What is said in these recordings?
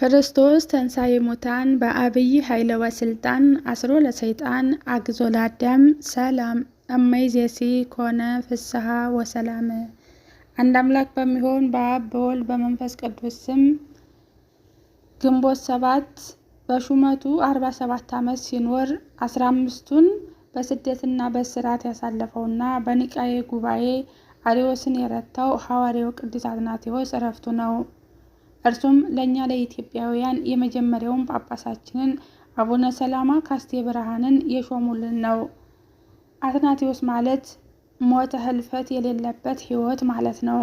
ክርስቶስ ተንሳኤ ሙታን በአብይ ኃይለ ወስልጣን አስሮ ለሰይጣን አግዞ ለአዳም ሰላም እመይዜሲ ኮነ ፍስሐ ወሰላም። አንድ አምላክ በሚሆን በአብ በወልድ በመንፈስ ቅዱስ ስም ግንቦት ሰባት በሹመቱ አርባ ሰባት ዓመት ሲኖር አስራ አምስቱን በስደትና በስራት ያሳለፈውና በኒቃዬ ጉባኤ አሪዎስን የረታው ሐዋርያው ቅዱስ አትናቴዎስ እረፍቱ ነው። እርሱም ለእኛ ለኢትዮጵያውያን የመጀመሪያውን ጳጳሳችንን አቡነ ሰላማ ካስቴ ብርሃንን የሾሙልን ነው። አትናቴዎስ ማለት ሞተ ህልፈት የሌለበት ህይወት ማለት ነው።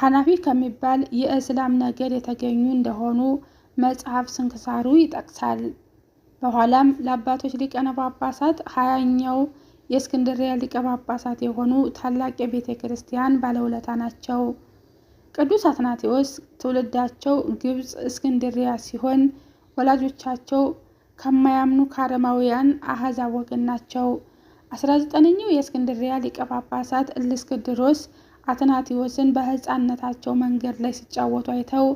ሐናፊ ከሚባል የእስላም ነገድ የተገኙ እንደሆኑ መጽሐፍ ስንክሳሩ ይጠቅሳል። በኋላም ለአባቶች ሊቀነ ጳጳሳት ሀያኛው የእስክንድርያ ሊቀ ጳጳሳት የሆኑ ታላቅ የቤተ ክርስቲያን ባለውለታ ናቸው። ቅዱስ አትናቴዎስ ትውልዳቸው ግብፅ እስክንድሪያ ሲሆን ወላጆቻቸው ከማያምኑ ከአረማውያን አህዛብ ወገን ናቸው። 19ኛው የእስክንድሪያ ሊቀ ጳጳሳት እልእስክንድሮስ አትናቴዎስን በሕፃንነታቸው መንገድ ላይ ሲጫወቱ አይተው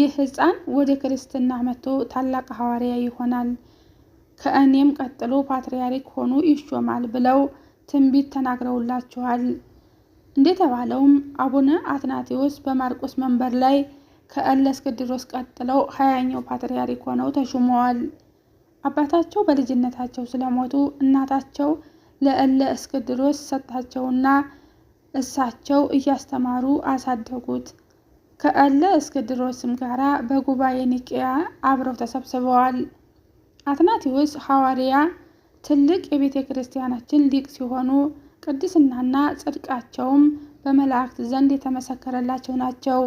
ይህ ሕፃን ወደ ክርስትና መጥቶ ታላቅ ሐዋርያ ይሆናል፣ ከእኔም ቀጥሎ ፓትርያርክ ሆኖ ይሾማል ብለው ትንቢት ተናግረውላችኋል። እንደተባለውም አቡነ አትናቴዎስ በማርቆስ መንበር ላይ ከእለ ከእለእስክንድሮስ ቀጥለው ሀያኛው ፓትርያርክ ሆነው ተሹመዋል። አባታቸው በልጅነታቸው ስለሞቱ እናታቸው ለእለ ለእለእስክንድሮስ ሰጣቸውና እሳቸው እያስተማሩ አሳደጉት። ከእለ ከእለእስክንድሮስም ጋራ በጉባኤ ኒቅያ አብረው ተሰብስበዋል። አትናቴዎስ ሐዋርያ ትልቅ የቤተ ክርስቲያናችን ሊቅ ሲሆኑ ቅድስናና ጽድቃቸውም በመላእክት ዘንድ የተመሰከረላቸው ናቸው።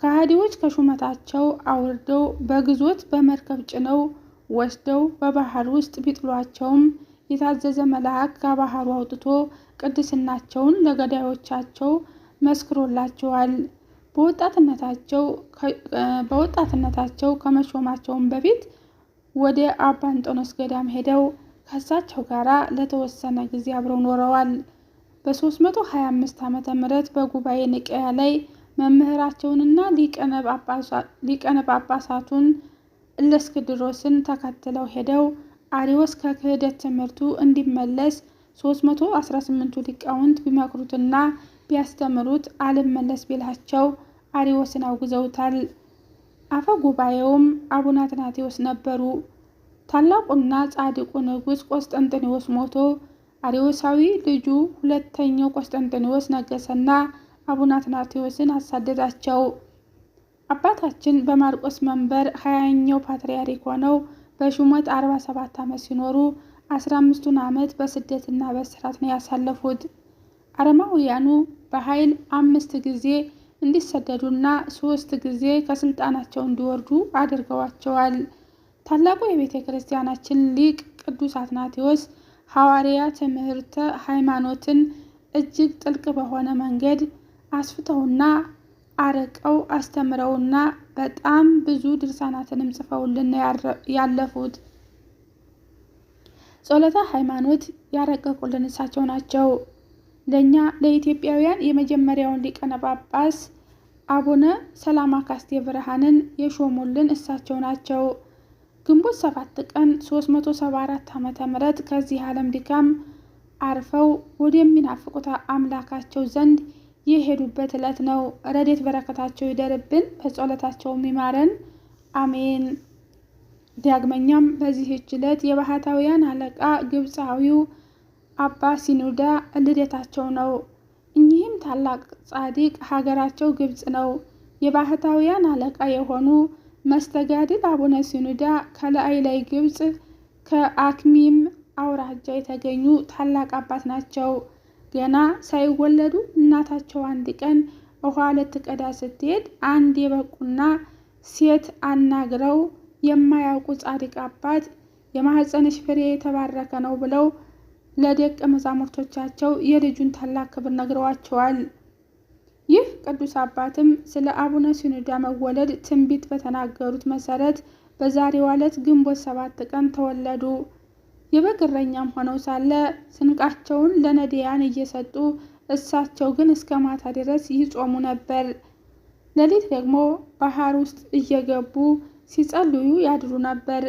ከሃዲዎች ከሹመታቸው አውርደው በግዞት በመርከብ ጭነው ወስደው በባህር ውስጥ ቢጥሏቸውም የታዘዘ መልአክ ከባህሩ አውጥቶ ቅድስናቸውን ለገዳዮቻቸው መስክሮላቸዋል። በወጣትነታቸው ከመሾማቸውም በፊት ወደ አባ ገዳም ሄደው ከሳቸው ጋር ለተወሰነ ጊዜ አብረው ኖረዋል። በ325 ዓ ም በጉባኤ ንቀያ ላይ መምህራቸውንና ሊቀነ ጳጳሳቱን እለእስክንድሮስን ተከትለው ሄደው አሪዎስ ከክህደት ትምህርቱ እንዲመለስ 318ቱ ሊቃውንት ቢመክሩትና ቢያስተምሩት አልመለስ ቢላቸው አሪዎስን አውግዘውታል። አፈ ጉባኤውም አቡነ አትናቴዎስ ነበሩ። ታላቁና ጻድቁ ንጉሥ ቆስጠንጥኔዎስ ሞቶ አርዮሳዊ ልጁ ሁለተኛው ቆስጠንጥኔዎስ ነገሰና አቡነ አትናቴዎስን አሳደዳቸው። አባታችን በማርቆስ መንበር ሀያኛው ፓትርያርክ ሆነው በሹመት 47 ዓመት ሲኖሩ 15ቱን ዓመት በስደትና በስራት ነው ያሳለፉት። አረማውያኑ በኃይል አምስት ጊዜ እንዲሰደዱና ሶስት ጊዜ ከስልጣናቸው እንዲወርዱ አድርገዋቸዋል። ታላቁ የቤተ ክርስቲያናችን ሊቅ ቅዱስ አትናቴዎስ ሐዋርያ ትምህርተ ሃይማኖትን እጅግ ጥልቅ በሆነ መንገድ አስፍተውና አርቀው አስተምረውና በጣም ብዙ ድርሳናትንም ጽፈውልን ያለፉት ጸሎተ ሃይማኖት ያረቀቁልን እሳቸው ናቸው። ለእኛ ለኢትዮጵያውያን የመጀመሪያውን ሊቀነ ጳጳስ አቡነ ሰላማ ካስቴ ብርሃንን የሾሙልን እሳቸው ናቸው። ግንቦት ሰባት ቀን 374 ዓ.ም ከዚህ ዓለም ድካም አርፈው ወደሚናፍቁት አምላካቸው ዘንድ የሄዱበት ዕለት ነው። ረዴት በረከታቸው ይደርብን፣ በጸሎታቸው ይማረን፣ አሜን። ዳግመኛም በዚህች ዕለት የባህታውያን አለቃ ግብፃዊው አባ ሲኑዳ ልደታቸው ነው። እኚህም ታላቅ ጻድቅ ሀገራቸው ግብፅ ነው። የባህታውያን አለቃ የሆኑ መስተጋድል አቡነ ሲኑዳ ከላይ ላይ ግብፅ ከአክሚም አውራጃ የተገኙ ታላቅ አባት ናቸው። ገና ሳይወለዱ እናታቸው አንድ ቀን ውሃ ልትቀዳ ስትሄድ አንድ የበቁና ሴት አናግረው የማያውቁ ጻድቅ አባት የማህፀንሽ ፍሬ የተባረከ ነው ብለው ለደቀ መዛሙርቶቻቸው የልጁን ታላቅ ክብር ነግረዋቸዋል። ይህ ቅዱስ አባትም ስለ አቡነ ሲኑዳ መወለድ ትንቢት በተናገሩት መሰረት በዛሬዋ ዕለት ግንቦት ሰባት ቀን ተወለዱ። የበግረኛም ሆነው ሳለ ስንቃቸውን ለነዳያን እየሰጡ እሳቸው ግን እስከ ማታ ድረስ ይጾሙ ነበር። ሌሊት ደግሞ ባህር ውስጥ እየገቡ ሲጸልዩ ያድሩ ነበር።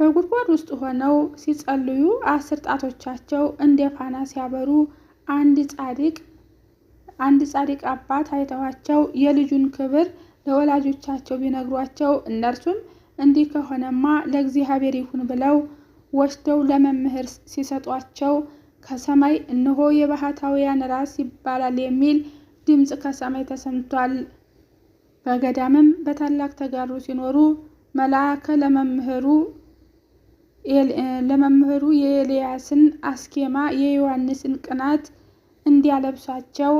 በጉድጓድ ውስጥ ሆነው ሲጸልዩ አስር ጣቶቻቸው እንደ ፋና ሲያበሩ አንድ ጻድቅ አንድ ጻድቅ አባት አይተዋቸው የልጁን ክብር ለወላጆቻቸው ቢነግሯቸው እነርሱም እንዲህ ከሆነማ ለእግዚአብሔር ይሁን ብለው ወስደው ለመምህር ሲሰጧቸው ከሰማይ እነሆ የባህታውያን ራስ ይባላል የሚል ድምፅ ከሰማይ ተሰምቷል። በገዳምም በታላቅ ተጋሩ ሲኖሩ መልአከ ለመምህሩ ለመምህሩ የኤልያስን አስኬማ የዮሐንስን ቅናት እንዲያለብሷቸው።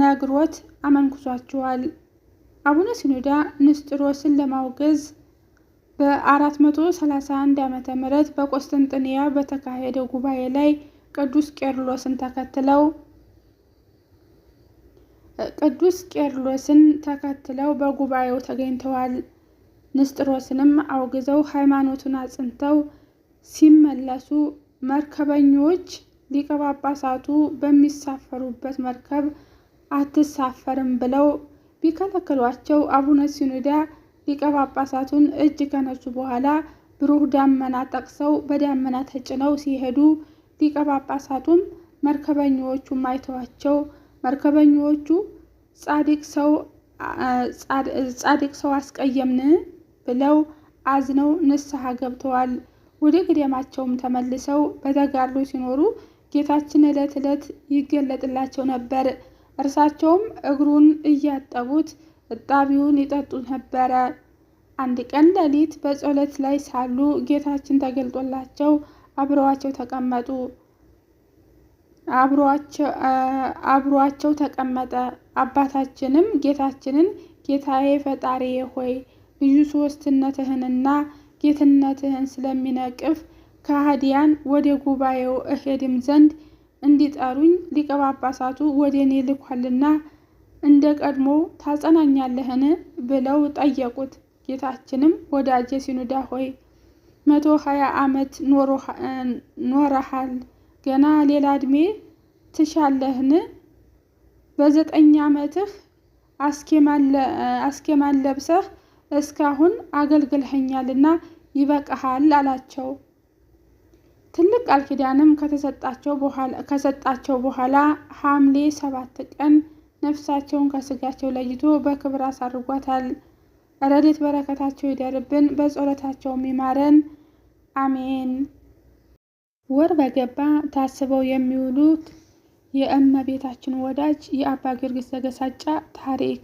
ነግሮት አመንኩሷቸዋል። አቡነ ሲኖዳ ንስጥሮስን ለማውገዝ በ431 ዓመተ ም በቆስጠንጥንያ በተካሄደው ጉባኤ ላይ ቅዱስ ቄርሎስን ተከትለው ቅዱስ ቄርሎስን ተከትለው በጉባኤው ተገኝተዋል። ንስጥሮስንም አውግዘው ሃይማኖቱን አጽንተው ሲመለሱ መርከበኞች ሊቀ ጳጳሳቱ በሚሳፈሩበት መርከብ አትሳፈርም ብለው ቢከለከሏቸው አቡነ ሲኑዳ ሊቀ ጳጳሳቱን እጅ ከነሱ በኋላ ብሩህ ዳመና ጠቅሰው በዳመና ተጭነው ሲሄዱ ሊቀ ጳጳሳቱም መርከበኞቹ አይተዋቸው መርከበኞቹ ጻድቅ ሰው አስቀየምን ብለው አዝነው ንስሐ ገብተዋል። ወደ ግዴማቸውም ተመልሰው በተጋድሎ ሲኖሩ ጌታችን ዕለት ዕለት ይገለጥላቸው ነበር። እርሳቸውም እግሩን እያጠቡት እጣቢውን ይጠጡ ነበረ። አንድ ቀን ሌሊት በጸሎት ላይ ሳሉ ጌታችን ተገልጦላቸው አብረዋቸው ተቀመጡ። አብሯቸው ተቀመጠ። አባታችንም ጌታችንን ጌታዬ ፈጣሪዬ ሆይ ልዩ ሶስትነትህንና ጌትነትህን ስለሚነቅፍ ከሃዲያን ወደ ጉባኤው እሄድም ዘንድ እንዲጠሩኝ ሊቀ ጳጳሳቱ ወደ እኔ ልኳልና እንደ ቀድሞ ታጸናኛለህን ብለው ጠየቁት። ጌታችንም ወዳጄ ሲኑዳ ሆይ መቶ ሀያ ዓመት ኖረሃል፣ ገና ሌላ ዕድሜ ትሻለህን? በዘጠኝ ዓመትህ አስኬማን ለብሰህ እስካሁን አገልግልኸኛልና ይበቃሃል አላቸው። ትልቅ ቃል ኪዳንም ከሰጣቸው በኋላ ሐምሌ ሰባት ቀን ነፍሳቸውን ከስጋቸው ለይቶ በክብር አሳርጓታል። ረድኤት በረከታቸው ይደርብን፣ በጸሎታቸውም ይማረን፣ አሜን። ወር በገባ ታስበው የሚውሉት የእመቤታችን ወዳጅ የአባ ጊዮርጊስ ዘገሳጫ ታሪክ።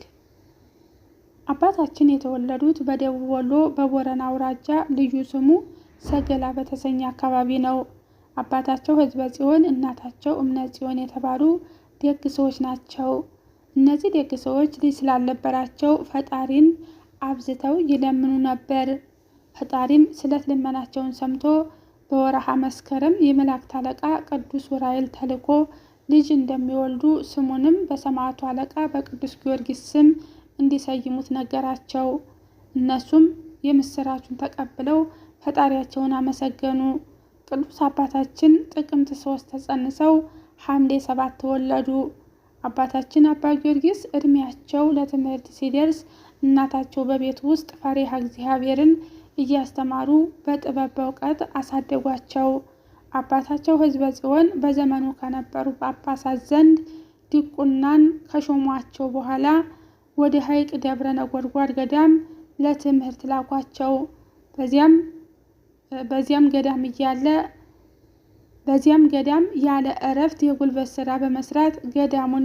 አባታችን የተወለዱት በደቡብ ወሎ በቦረና አውራጃ ልዩ ስሙ ሰገላ በተሰኘ አካባቢ ነው። አባታቸው ህዝበ ጽዮን፣ እናታቸው እምነት ጽዮን የተባሉ ደግ ሰዎች ናቸው። እነዚህ ደግ ሰዎች ልጅ ስላልነበራቸው ፈጣሪን አብዝተው ይለምኑ ነበር። ፈጣሪም ስለት ልመናቸውን ሰምቶ በወረሃ መስከረም የመላእክት አለቃ ቅዱስ ዑራኤል ተልኮ ልጅ እንደሚወልዱ ስሙንም በሰማዕቱ አለቃ በቅዱስ ጊዮርጊስ ስም እንዲሰይሙት ነገራቸው። እነሱም የምስራቹን ተቀብለው ፈጣሪያቸውን አመሰገኑ። ቅዱስ አባታችን ጥቅምት ሶስት ተጸንሰው ሐምሌ ሰባት ተወለዱ። አባታችን አባ ጊዮርጊስ እድሜያቸው ለትምህርት ሲደርስ እናታቸው በቤት ውስጥ ፈሪሃ እግዚአብሔርን እያስተማሩ በጥበብ በእውቀት አሳደጓቸው። አባታቸው ሕዝበ ጽዮን በዘመኑ ከነበሩ ጳጳሳት ዘንድ ዲቁናን ከሾሟቸው በኋላ ወደ ሐይቅ ደብረ ነጎድጓድ ገዳም ለትምህርት ላኳቸው። በዚያም በዚያም ገዳም እያለ በዚያም ገዳም ያለ እረፍት የጉልበት ስራ በመስራት ገዳሙን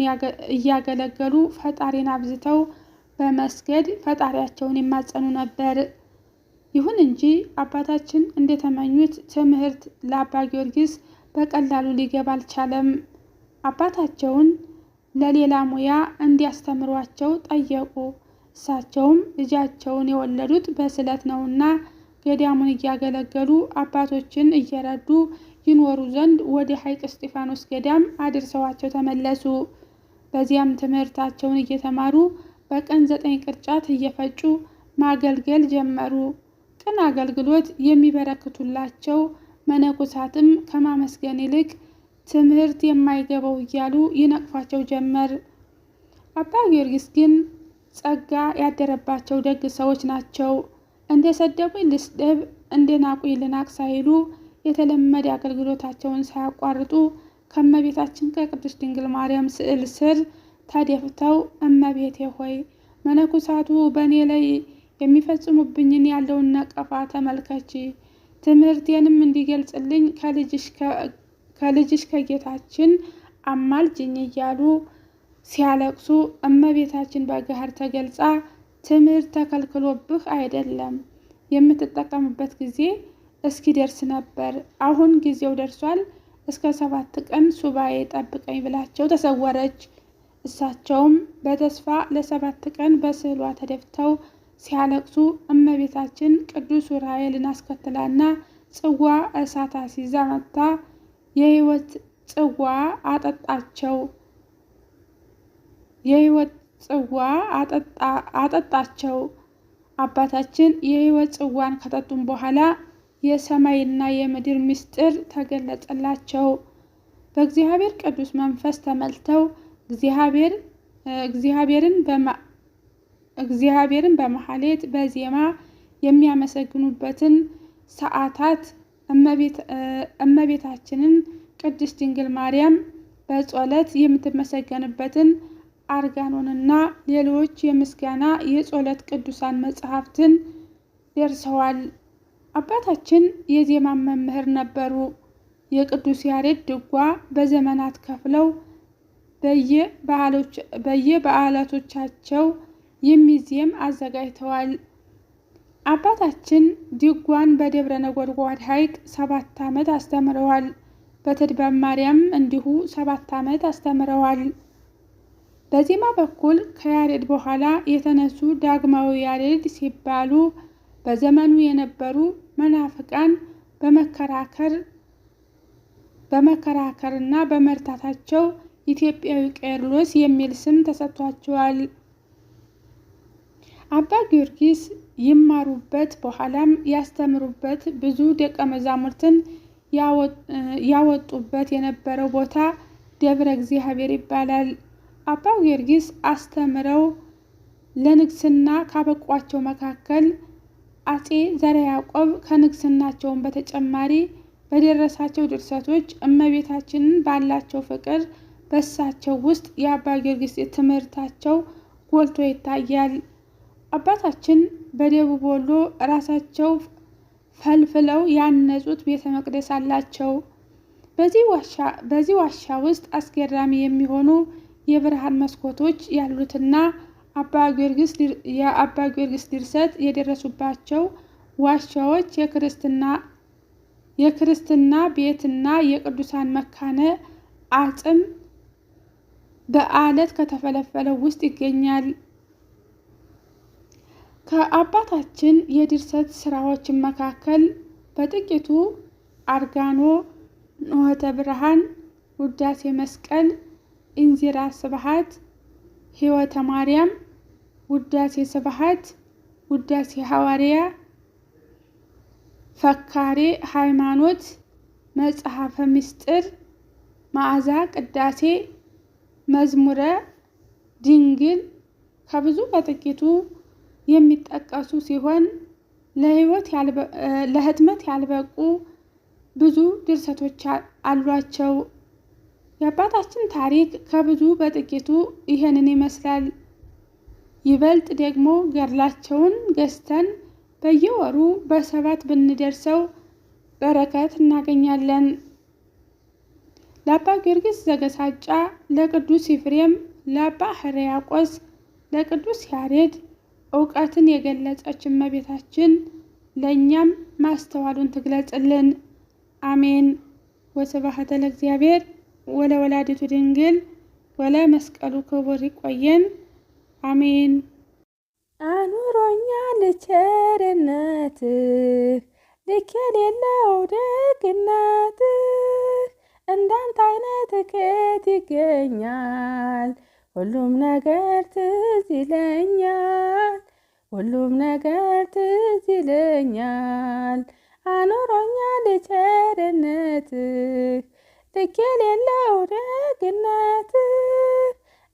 እያገለገሉ ፈጣሪን አብዝተው በመስገድ ፈጣሪያቸውን ይማጸኑ ነበር። ይሁን እንጂ አባታችን እንደተመኙት ትምህርት ለአባ ጊዮርጊስ በቀላሉ ሊገባ አልቻለም። አባታቸውን ለሌላ ሙያ እንዲያስተምሯቸው ጠየቁ። እሳቸውም ልጃቸውን የወለዱት በስለት ነውና ገዳሙን እያገለገሉ አባቶችን እየረዱ ይኖሩ ዘንድ ወደ ሐይቅ እስጢፋኖስ ገዳም አድርሰዋቸው ተመለሱ። በዚያም ትምህርታቸውን እየተማሩ በቀን ዘጠኝ ቅርጫት እየፈጩ ማገልገል ጀመሩ። ቅን አገልግሎት የሚበረክቱላቸው መነኮሳትም ከማመስገን ይልቅ ትምህርት የማይገባው እያሉ ይነቅፏቸው ጀመር። አባ ጊዮርጊስ ግን ጸጋ ያደረባቸው ደግ ሰዎች ናቸው። እንደሰደቡኝ ልስደብ፣ እንደናቁኝ ልናቅ ሳይሉ የተለመደ አገልግሎታቸውን ሳያቋርጡ ከእመቤታችን ከቅድስት ድንግል ማርያም ስዕል ስር ተደፍተው እመቤቴ ሆይ መነኮሳቱ በእኔ ላይ የሚፈጽሙብኝን ያለውን ነቀፋ ተመልከች፣ ትምህርቴንም እንዲገልጽልኝ ከልጅሽ ከጌታችን አማልጅኝ እያሉ ሲያለቅሱ እመቤታችን በገሃድ ተገልጻ ትምህርት ተከልክሎብህ አይደለም የምትጠቀምበት ጊዜ እስኪደርስ ነበር። አሁን ጊዜው ደርሷል። እስከ ሰባት ቀን ሱባኤ ጠብቀኝ ብላቸው ተሰወረች። እሳቸውም በተስፋ ለሰባት ቀን በስዕሏ ተደፍተው ሲያለቅሱ እመቤታችን ቅዱስ ዑራኤልን አስከትላና ጽዋ እሳት አስይዛ መጥታ የሕይወት ጽዋ አጠጣቸው። የሕይወት ጽዋ አጠጣቸው። አባታችን የሕይወት ጽዋን ከጠጡም በኋላ የሰማይና የምድር ምስጢር ተገለጸላቸው። በእግዚአብሔር ቅዱስ መንፈስ ተመልተው እግዚአብሔርን በመሐሌት በዜማ የሚያመሰግኑበትን ሰዓታት እመቤታችንን ቅድስት ድንግል ማርያም በጸሎት የምትመሰገንበትን አርጋኖንና ሌሎች የምስጋና የጸሎት ቅዱሳን መጽሐፍትን ደርሰዋል። አባታችን የዜማ መምህር ነበሩ። የቅዱስ ያሬድ ድጓ በዘመናት ከፍለው በየበዓላቶቻቸው የሚዜም አዘጋጅተዋል። አባታችን ድጓን በደብረ ነጎድጓድ ሐይቅ ሰባት ዓመት አስተምረዋል። በተድባብ ማርያም እንዲሁ ሰባት ዓመት አስተምረዋል። በዜማ በኩል ከያሬድ በኋላ የተነሱ ዳግማዊ ያሬድ ሲባሉ በዘመኑ የነበሩ መናፍቃን በመከራከር በመከራከርና በመርታታቸው ኢትዮጵያዊ ቄርሎስ የሚል ስም ተሰጥቷቸዋል። አባ ጊዮርጊስ ይማሩበት በኋላም ያስተምሩበት ብዙ ደቀ መዛሙርትን ያወጡበት የነበረው ቦታ ደብረ እግዚአብሔር ይባላል። አባ ጊዮርጊስ አስተምረው ለንግስና ካበቋቸው መካከል አጼ ዘረ ያዕቆብ ከንግስናቸውን በተጨማሪ በደረሳቸው ድርሰቶች እመቤታችንን ባላቸው ፍቅር በሳቸው ውስጥ የአባ ጊዮርጊስ ትምህርታቸው ጎልቶ ይታያል። አባታችን በደቡብ ወሎ ራሳቸው ፈልፍለው ያነጹት ቤተ መቅደስ አላቸው። በዚህ ዋሻ ውስጥ አስገራሚ የሚሆኑ የብርሃን መስኮቶች ያሉትና የአባ ጊዮርጊስ ድርሰት የደረሱባቸው ዋሻዎች የክርስትና ቤትና የቅዱሳን መካነ አጽም በአለት ከተፈለፈለው ውስጥ ይገኛል። ከአባታችን የድርሰት ስራዎችን መካከል በጥቂቱ አርጋኖ፣ ኖኅተ ብርሃን፣ ውዳሴ መስቀል፣ ኢንዚራ ስብሐት ህይወተ ማርያም ውዳሴ ስብሐት ውዳሴ ሐዋርያ ፈካሬ ሃይማኖት መጽሐፈ ምስጢር መዓዛ ቅዳሴ መዝሙረ ድንግል ከብዙ በጥቂቱ የሚጠቀሱ ሲሆን ለህትመት ያልበቁ ብዙ ድርሰቶች አሏቸው የአባታችን ታሪክ ከብዙ በጥቂቱ ይህንን ይመስላል። ይበልጥ ደግሞ ገድላቸውን ገዝተን በየወሩ በሰባት ብንደርሰው በረከት እናገኛለን። ለአባ ጊዮርጊስ ዘገሳጫ፣ ለቅዱስ ኤፍሬም፣ ለአባ ሕርያቆስ፣ ለቅዱስ ያሬድ እውቀትን የገለጸች እመቤታችን ለእኛም ማስተዋሉን ትግለጽልን። አሜን። ወስብሐት ለእግዚአብሔር ወለ ወላዲቱ ድንግል ወለ መስቀሉ ክቡር ይቆየን። አሜን። አኑሮኛል ቸርነትህ ልክ የሌለው ደግነትህ እንዳንተ አይነት ከየት ይገኛል? ሁሉም ነገር ትዝ ይለኛል፣ ሁሉም ነገር ትዝ ይለኛል። አኑሮኛል ቸርነትህ ልክ የሌለው ደግነት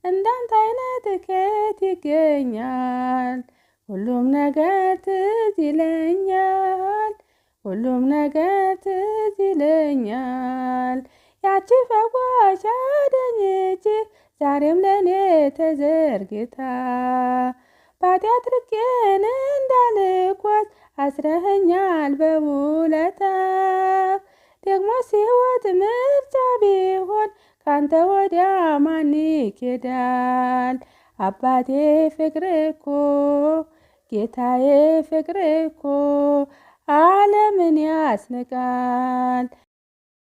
እንዳንተ አይነት ትኬት ይገኛል? ሁሉም ነገር ትዝ ይለኛል፣ ሁሉም ነገር ትዝ ይለኛል። ያቺ ፈዋሽ አዳነች ዛሬም ለእኔ ተዘርግታ ባጢአት ርቄን እንዳልኳት አስረኸኛል በውለታ ደግሞ ሲወት ምርጫ ቢሆን ካንተ ወዲያ ማን ይኬዳል? አባቴ ፍቅር እኮ ጌታዬ ፍቅር እኮ ዓለምን ያስንቃል።